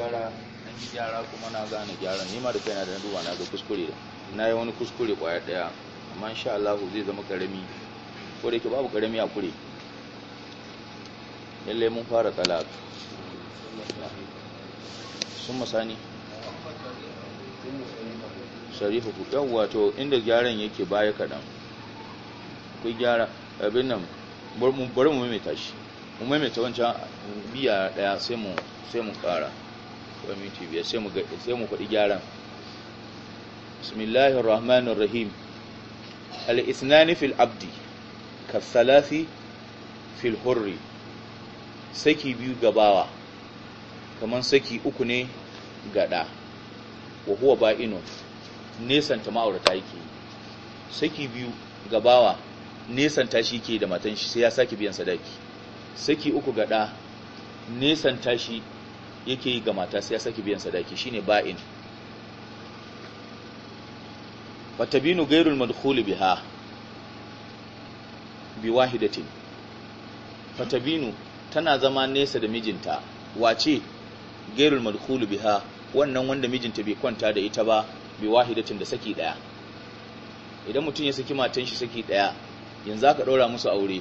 gyara an yi gyara kuma na gane gyaran ni ma da kaina da na duba na ga kuskure na yi wani kuskure kwaya daya amma insha Allah zai zama karami ko da yake babu karami a kure lalle mun fara talak sun masani sharifu ku ta wato inda gyaran yake baya kadan ku gyara abin nan bari mu maimaita shi mu maimaita wancan biya daya sai mu sai mu kara ko minti biyar sai mu sai mu kuɗi gyaran bismillahir rahmanir rahim al isnani fil abdi salasi fil hurri saki biyu gabawa kaman saki uku ne gada wa huwa Nisan ta ma'aurata yake saki biyu gabawa ta shi ke da matan shi sai ya saki biyan sadaki saki uku gada nisan shi yake yi ga mata sai ya saki biyan sadaki shine ba'in fatabinu gairul madkhul biha biwahidatin fatabinu tana zama nesa da mijinta wace gairul madkhul biha wannan wanda mijinta bai kwanta da ita ba biwahidatin da saki ɗaya. idan mutum ya saki matan shi saki ɗaya, yanzu aka ɗaura musu aure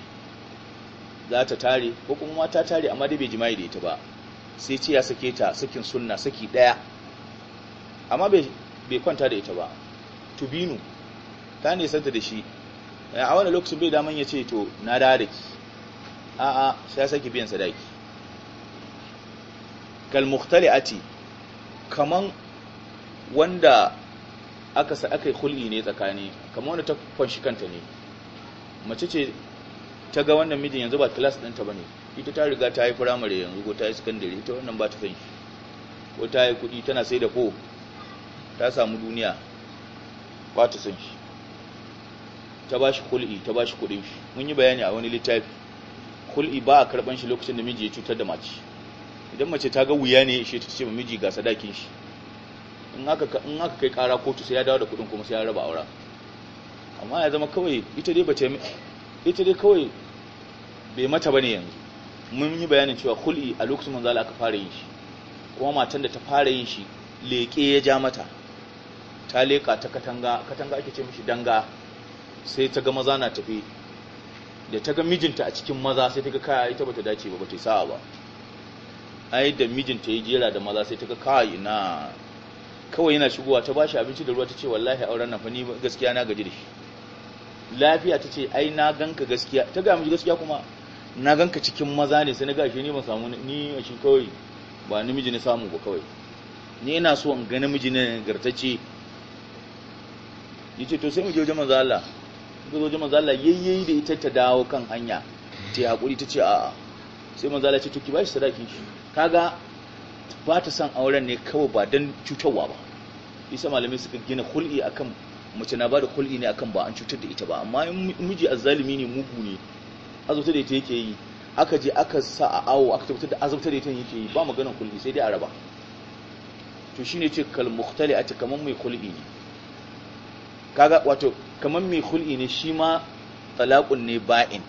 za ta tare ko kuma mata tare amma dai bai jima'i da ita ba sai ce ya sake ta sakin sunna saki daya amma bai kwanta da ita ba tubinu ta ne santa da shi eh, a wani lokacin bai daman ya ce to na da da a a'a sai ya sake biyan sadaki a muhtali'ati kaman wanda aka sa aka yi hulɗi ne tsakani kamar wanda ta kwanshi kanta ne mace ce ta ga wannan mijin yanzu ba kilas ɗinta ba ne ita ta riga ta yi firamare yanzu ko ta yi sakandare ita wannan ba ta san shi ko ta yi kuɗi tana sai da ko ta samu duniya ba ta san shi ta ba shi kul'i ta ba shi kuɗin shi mun yi bayani a wani littafi kul'i ba a karban shi lokacin da miji ya cutar da mace idan mace ta ga wuya ne shi ta ce ma miji ga sadakin shi in aka kai ƙara kotu sai ya dawo da kuɗin kuma sai ya raba aura amma ya zama kawai ita dai kawai bai mata bane yanzu mun yi bayanin cewa kuli a lokacin manzo Allah aka fara yin shi kuma matan da ta fara yin shi leƙe ya ja mata ta leƙa ta katanga katanga ake ce mishi danga sai ta ga maza na tafi da ta ga mijinta a cikin maza sai ta ga kaya ita bata dace ba bata sa'a ba ai da mijinta ya jera da maza sai ta ga kawai na kawai yana shigowa ta bashi abinci da ruwa ta ce wallahi auren nan fa ni gaskiya na gaji da shi lafiya ta ce ai na ganka gaskiya ta ga miji gaskiya kuma na ganka cikin maza ne sai na ga shi ni ban samu ni a shi kawai ba namiji ne samu ba kawai ni ina so in ga namiji ne gartacce yace to sai mu je wajen Allah ga zo wajen yayyayi da ita ta dawo kan hanya ta hakuri ta ce a'a sai manzo Allah ce to ki bashi sadaki. shi kaga ba ta son auren ne kawai ba dan cutarwa ba isa malami suka gina hul'i akan mace na ba da hul'i ne akan ba an cutar da ita ba amma miji azzalimi ne mugu ne azabtar da ita yake yi aka je aka sa a awo aka tabbatar da azabtar da ita yake yi ba maganan kulli sai dai a raba to shine ce kal mukhtali a kaman mai kulli ne kaga wato kaman mai kulli ne shi ma talaqun ne ba'in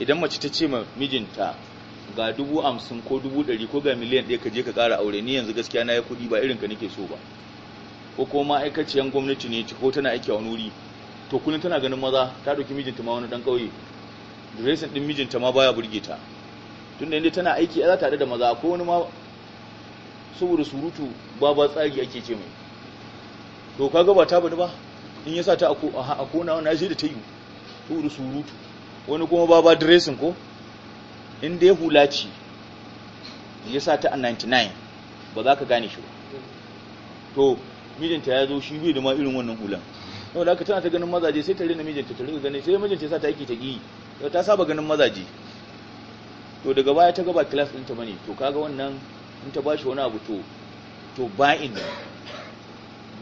idan mace ta ce ma mijinta ga dubu hamsin ko dubu ɗari ko ga miliyan ɗaya ka je ka ƙara aure ni yanzu gaskiya na ya kuɗi ba irin ka nake so ba ko kuma ma'aikaciyar gwamnati ne ko tana aiki a wani wuri to kullum tana ganin maza ta ɗauki mijinta ma wani ɗan ƙauye dressing din mijinta ma baya burge ta tunda inda tana aiki za ta da maza ko wani ma saboda surutu ba ba tsari ake ce mai to kaga ba ta bani ba in yasa ta a kona wani ashe da ta yi saboda surutu wani kuma ba ba dressing ko in da ya hula ya yasa ta a 99 ba za ka gane shi ba to mijinta ya zo shi bai da ma irin wannan hulan yau da aka tana ta ganin mazaje sai ta rena mijinta ta rinka ganin sai mijinta ya sa ta aiki ta giyi yau ta saba ganin mazaje to daga baya ta gaba class ɗinta bane to kaga wannan in ta bashi wani abu to to ba'in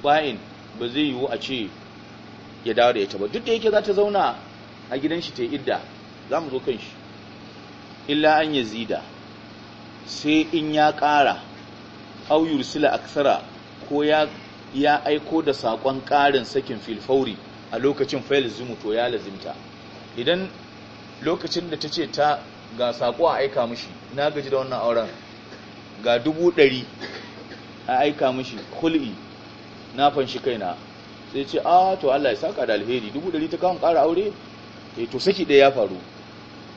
ba'in ba zai yiwu a ce ya dawo da ita ba duk da yake za ta zauna a gidan shi ta yi idda za mu zo kan shi illa an ya zida sai in ya ƙara au yursila aksara ko ya ya aiko da saƙon ƙarin sakin filfauri a lokacin fayil zumu to ya lazimta idan lokacin da ta ce ta ga saƙo a aika mushi na gaji da wannan auren ga dubu ɗari a aika mushi kul'i na fanshi kaina sai ce a ah, to Allah ya saka da alheri dubu ɗari ta kawon ƙara aure e to saki ɗaya ya faru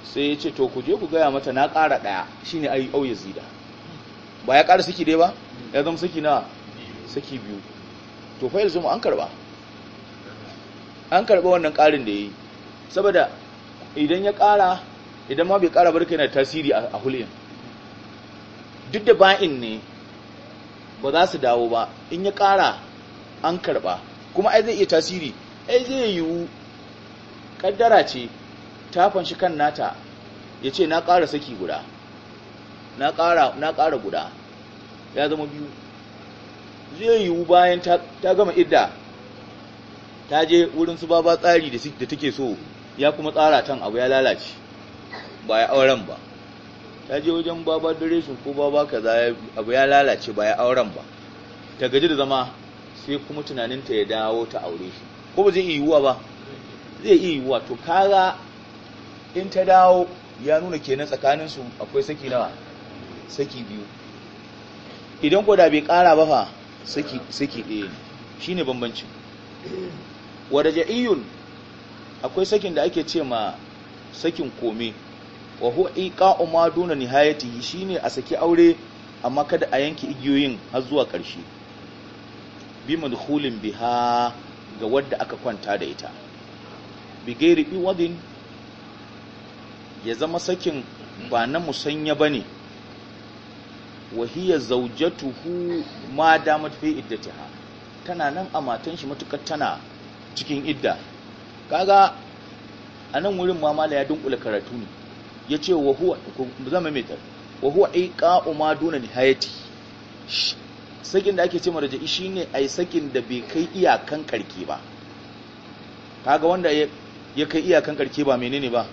sai ya ce to ku je ku gaya mata na ƙara ɗaya shi ne ayi auye zida ba ya ƙara saki ɗaya ba ya zama saki na saki biyu to fa yanzu an karɓa an karɓa wannan ƙarin da ya yi saboda idan ya ƙara idan ma bai ƙara barka yana tasiri a hulɗin duk da ba'in ne ba za su dawo ba in ya ƙara an karɓa kuma ai zai iya tasiri ai zai yiwu ƙaddara ce ta fanshi kan nata ya ce na ƙara saki guda na ƙara guda ya zama biyu zai yiwu bayan ta gama idda ta je wurin su ba ba tsari da take so ya kuma tsara tan abu ya lalace ba ya auren ba ta je wajen baba direshin ko baba kaza abu ya lalace ba ya auren ba ta gaji da zama sai kuma tunaninta ya dawo ta aure shi ko ba zai iya yiwuwa ba zai iya yiwuwa to kaga in ta dawo ya nuna kenan su akwai saki nawa saki biyu idan ko da bai kara ba fa saki saki ɗaya shine bambancin wadaja iyun akwai sakin da ake ce ma sakin kome wa huwa iqa'u ma duna nihayatihi shine a saki aure amma kada a yanke igiyoyin har zuwa ƙarshe bi madkhulin biha ga wadda aka kwanta da ita bi gairi iwadin ya zama sakin ba na musanya bane wa hiya zawjatuhu ma damat fi iddatiha tana nan a matan shi matukar tana cikin idda kaga a nan wurin mamala ya dunkula karatu ne ya ce wa huwa zama mai tar wa huwa iqa'u ma duna nihayati sakin da ake ce shi ne ai sakin da bai kai iyakan karke ba kaga wanda ya kai iyakan karke ba menene ba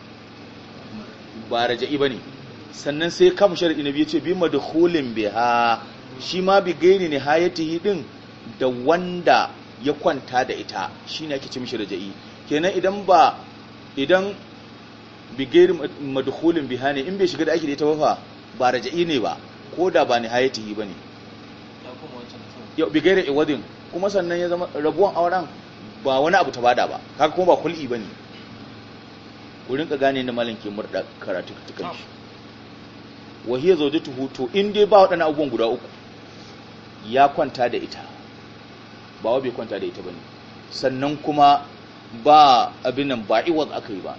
ba raja'i bane sannan sai kam sharadi na biyu ce bi madkhulin biha shi ma bi gaini nihayatihi din da wanda ya kwanta da ita shine ake ce mishi raja'i kenan idan ba idan bigir madkhulin biha ne in bai shiga da ake da ita ba ba raja'i ne ba ko da ba nihayatihi bane ya bigeri iwadin kuma sannan ya zama rabuwan auren ba wani abu ta bada ba kaga kuma ba kul'i bane ku rinka gane da malam ke murda karatu tukan shi wa hiya zawjatuhu to in dai ba wadannan abubuwan guda uku ya kwanta da ita ba wa bai kwanta da ita bane sannan kuma ba abin nan ba iwas aka yi ba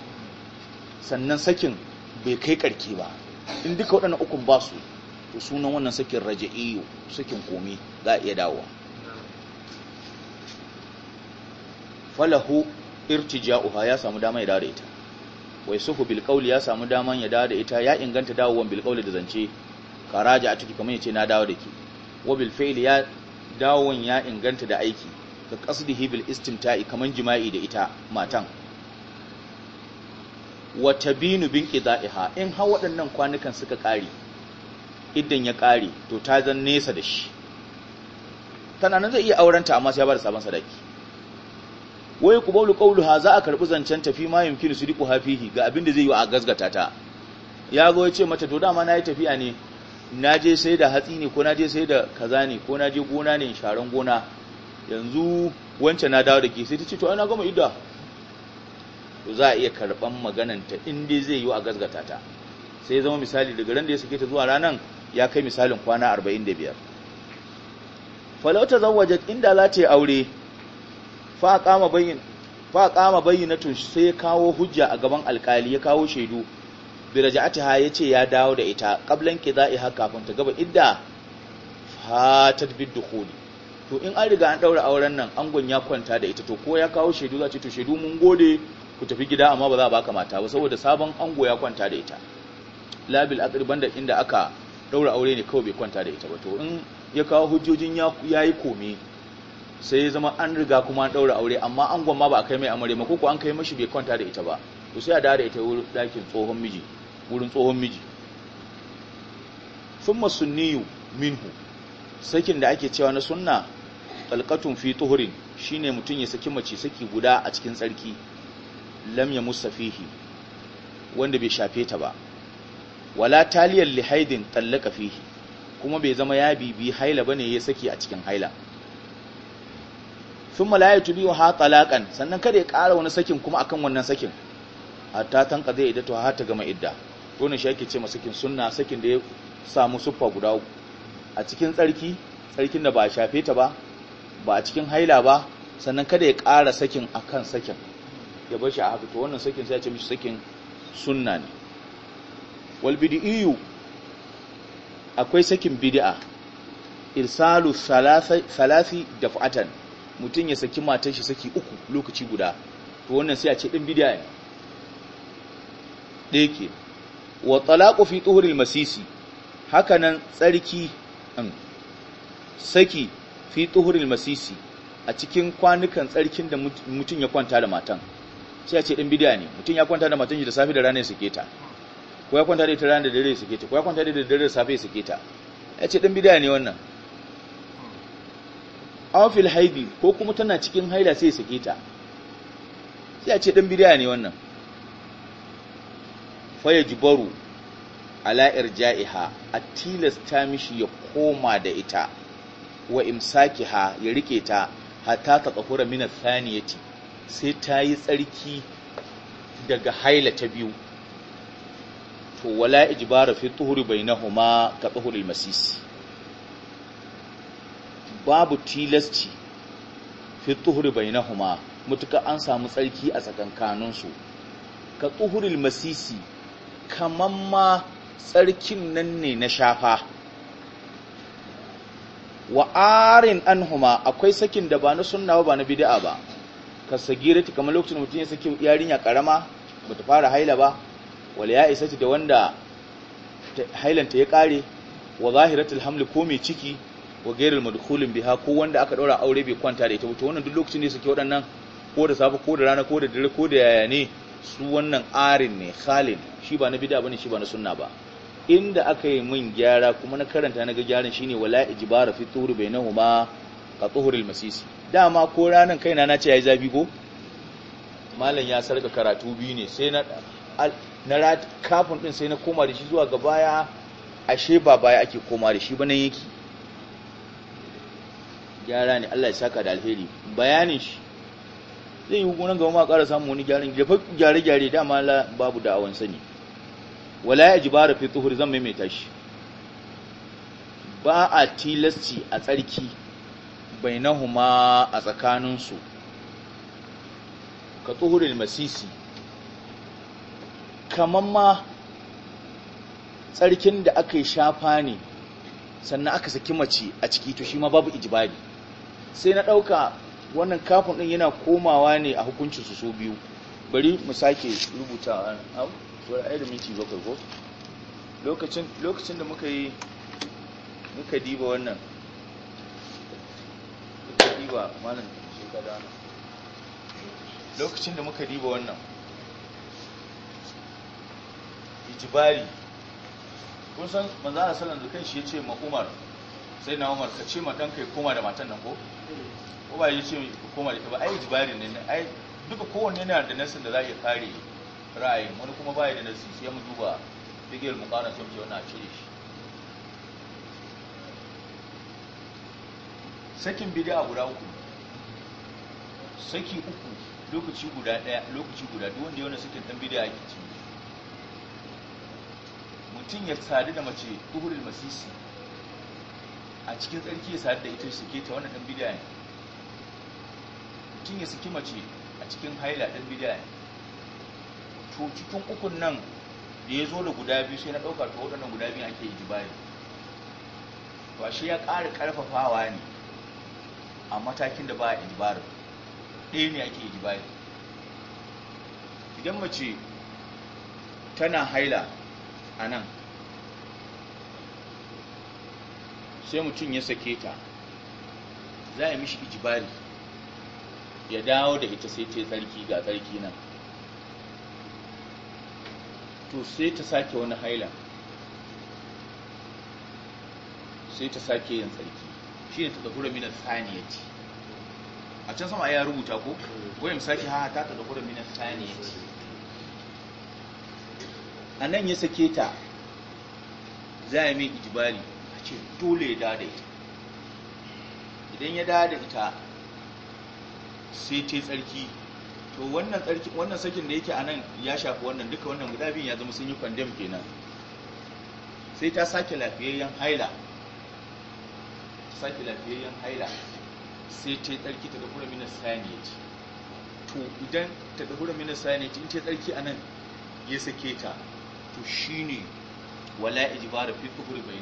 sannan sakin bai kai karki ba in duka waɗannan ukun ba su to sunan wannan sakin raja'iyu sakin komi za a iya dawowa falahu irtija'uha ya samu dama ya dawo da ita wai suhu bilkauli ya samu daman ya dawo da ita ya inganta dawowan Bilkauli da zance raja a ciki kamar ce na dawo da ke wa bil ya dawon ya inganta da aiki ka hibil bil istimta'i kaman jima'i da ita matan wa tabinu bin qida'iha in har waɗannan kwanukan suka ƙare idan ya ƙare to ta zan nesa da shi tana nan zai iya aurenta amma sai ya bada sabon sadaki wai ku qubulu ha za a karɓi zancen tafi ma yumkinu sidiqu hafihi ga abin da zai yi a gazgata ta ya zo ya ce mata to dama na yi tafiya ne na je sai da hatsi ne ko na je sai da kaza ne ko na je gona ne sharan gona yanzu wancan na dawo da ke sai ta ce to ana gama idda to za a iya karban magananta in dai zai yi a gasgata ta sai zama misali daga ran da ya sake ta zuwa ranan ya kai misalin kwana 45 falauta zawaje inda za ta yi aure fa kama bayyin fa kama sai ya kawo hujja a gaban alkali ya kawo shaidu bi ya yace ya dawo da ita qablan haka kafin ta gaba idda fatat bid dukhuli to in an riga an daura auren nan angon ya kwanta da ita to ko ya kawo shaidu za ce to shaidu mun gode ku tafi gida amma ba za a baka mata ba saboda sabon ango ya kwanta da ita labil aqrib banda inda aka daura aure ne kawai bai kwanta da ita ba to in ya kawo hujjojin ya yi kome sai ya zama an riga kuma an daura aure amma angon ma ba a kai mai amare ma ko an kai mashi bai kwanta da ita ba to sai a dawo da ita wurin dakin tsohon miji wurin tsohon miji summa sunniyu minhu sakin da ake cewa na sunna talqatun fi tuhurin shine mutum ya saki mace saki guda a cikin tsarki lam ya musafihi wanda bai shafe ta ba wala taliyar lihaidin tallaka fihi kuma bai zama ya bibi haila ba ne ya saki a cikin haila thumma la yatbi'u ha talaqan sannan kada ya ƙara wani sakin kuma akan wannan sakin hatta tanka zai idan ta har ta gama idda dole shi ake ce ma sakin sunna sakin da ya samu suffa guda uku a cikin tsarki tsarkin da ba a shafe ta ba ba a cikin haila ba sannan kada ya ƙara sakin a kan sakin ya bar shi a haka to wannan sakin sai ya ce mishi sakin sunna ne wal bid'iyu akwai sakin bidi'a irsalu salasi Fatan, mutum ya saki matan shi saki uku lokaci guda to wannan sai ya ce din bidi'a ne ɗaya ke wa talaqu fi tuhuril masisi hakanan tsarki mm, saki fi tuhurin masisi a cikin kwanukan tsarkin da mutum ya kwanta da matan sai a ce ɗin bidiya ne mutum ya kwanta da matan shi da safe da rana ya sake ta ko ya kwanta da ita rana da dare ya sake ta ko ya kwanta da ita dare da safe ya sake ta ya ce ɗin bidiya ne wannan awfil haidi ko kuma tana cikin haila sai ya sake ta sai a ce ɗin bidiya ne wannan faya jibaru ala'ir jaiha a tilasta mishi ya koma da ita wa imsakiha ya rike ta hatta ta tsakura min athaniyati sai ta yi tsarki daga haila ta biyu to wala ijbara fi tuhuri bainahuma ka tuhuri masisi babu tilasci fi tuhuri bainahuma mutuka an samu tsarki a su, ka tuhuri masisi kamar ma tsarkin nan ne na shafa wa arin anhuma akwai sakin da ba na sunna ba na bid'a ba ka sagirati kamar lokacin mutum ya saki yarinya karama bata fara haila ba wala ya ce da wanda hailanta ya kare wa zahiratul hamli ko mai ciki wa gairul madkhulin biha ko wanda aka daura aure bai kwanta da ita ba to wannan duk lokacin ne suke waɗannan ko da safe ko da rana ko da dare ko da yaya ne su wannan arin ne khalin shi ba na bid'a bane shi ba na sunna ba inda aka yi min gyara kuma na karanta na ga gyaran shine wala ijbara fi turu bainahuma ka tuhuril masisi dama ko ranan kaina na ce yayi zafi ko malam ya sarka karatu biyu ne sai na rat kafin din sai na koma da shi zuwa ga baya ashe ba baya ake koma da shi ba yake gyara ne Allah ya saka da alheri bayanin shi zai yi hukunan gaba ma ƙara samun wani gyaran gyare-gyare dama babu da awon sani wala ya jibara fi tsuhuri zan maimaita shi ba a tilasci a tsarki bai na huma a tsakaninsu ka tsuhuri masisi Kamar ma tsarkin da aka yi shafa ne sannan aka saki mace a ciki to shi ma babu ijibari sai na ɗauka wannan kafin ɗin yana komawa ne a hukuncinsu su biyu bari mu sake rubuta abu saura ai da minti bakwai ko lokacin da muka yi muka diba wannan muka diba malam shekara lokacin da muka diba wannan ijibari kun san manzan manzo Allah sallallahu shi ya ce ma Umar sai na Umar ka ce ma ɗan kai koma da matan nan ko ko ba ya ce yace koma da ita ba ai ijibari ne ai duka kowanne na da nasin da za a ya kare ra'ayin wani kuma baya da nasi sai mu duba figil muqana sun ce wannan a cire shi sakin bid'a guda uku saki uku lokaci guda daya lokaci guda duk wanda wani sakin dan bid'a yake ci mutum ya sadu da mace tuhurul masisi a cikin tsarki ya sadu da ita sake ta wannan dan bid'a ne mutum ya saki mace a cikin haila dan bid'a ne to cikin ukun nan da ya zo da guda biyu sai na ɗauka ta waɗannan guda biyu ake ijibayi to ashe ya ƙara ƙarfafawa ne a matakin da ba a ijibarin ɗaya ne ake ijibayi idan mace tana haila a nan sai mutum ya sake ta za a yi mishi ijibari ya dawo da ita sai ce tsarki ga tsarki nan to sai ta sake wani haila sai ta sake yin tsarki shi ne ta dahura minar ce a can sama ya rubuta ko wayan sake ha ta ta dahura minar ce a nan ya sake ta za a mai ijibali a ce dole ya dada ita idan ya dada ita sai ta yi tsarki to wannan tsarki wannan sakin da yake anan ya shafi wannan duka wannan guda biyun ya zama sun yi kwandem kenan sai ta sake lafiyayyen haila sake lafiyayyen haila sai ta yi tsarki ta dahura mina saniyati to idan ta dahura mina saniyati in ta yi tsarki anan ya sake ta to shi ne wala ijibara fi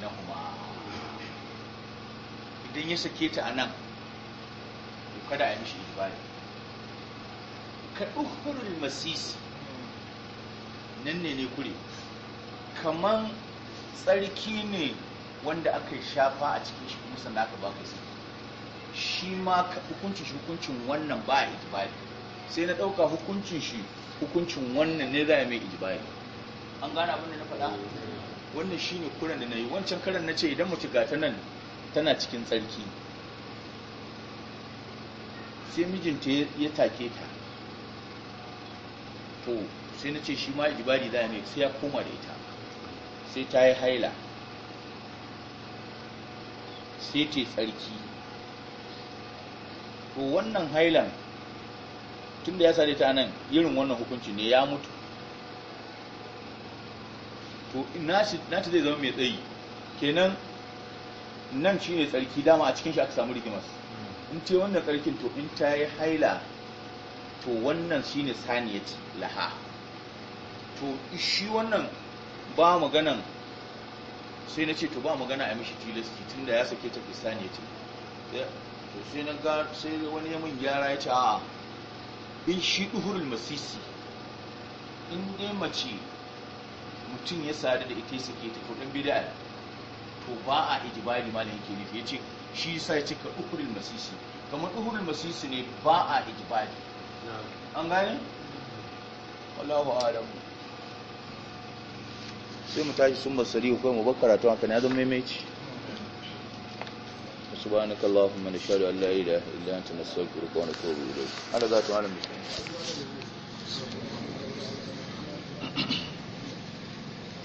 na kuma idan ya sake ta anan to kada a yi mishi ijbari ka ɗuhurul masisi nan ne ne kure kaman tsarki ne wanda aka shafa a cikin shi kuma sannan aka baka su shi ma hukuncin shi hukuncin wannan ba ijibari sai na ɗauka hukuncin shi hukuncin wannan ne za mai ijibari an gane abin da na faɗa wannan shi ne kuren da na yi wancan karan na ce idan mace ga ta nan tana cikin tsarki sai mijinta ya take ta to sai na ce shi ma ibadi za ne sai ya koma da ita sai ta yi haila sai ce tsarki to wannan hailan tun da ya sare ta nan irin wannan hukunci ne ya mutu to ta zai zama mai tsayi kenan nan shi ne tsarki dama a cikin shi aka samu rigimas in ce wannan tsarkin to in ta yi haila to wannan shine saniyat laha to shi wannan ba maganan sai na ce to ba magana a mishi tilasti tunda ya sake ta saniyat to sai na ga sai wani yamin gyara ya ce a in shi duhurul masisi in dai mace mutum ya sadu da ita sake ta to dan bid'a to ba a ijibari malam yake nufi yace shi sai cika duhurul masisi kamar duhurul masisi ne ba a ijibari an Allahu a'lam sai mu tashi sun basari ko mu bakkara to haka ne zan maimaici subhanaka allahumma nashhadu an la ilaha illa anta nastaghfiruka wa natubu ilayk ana za ta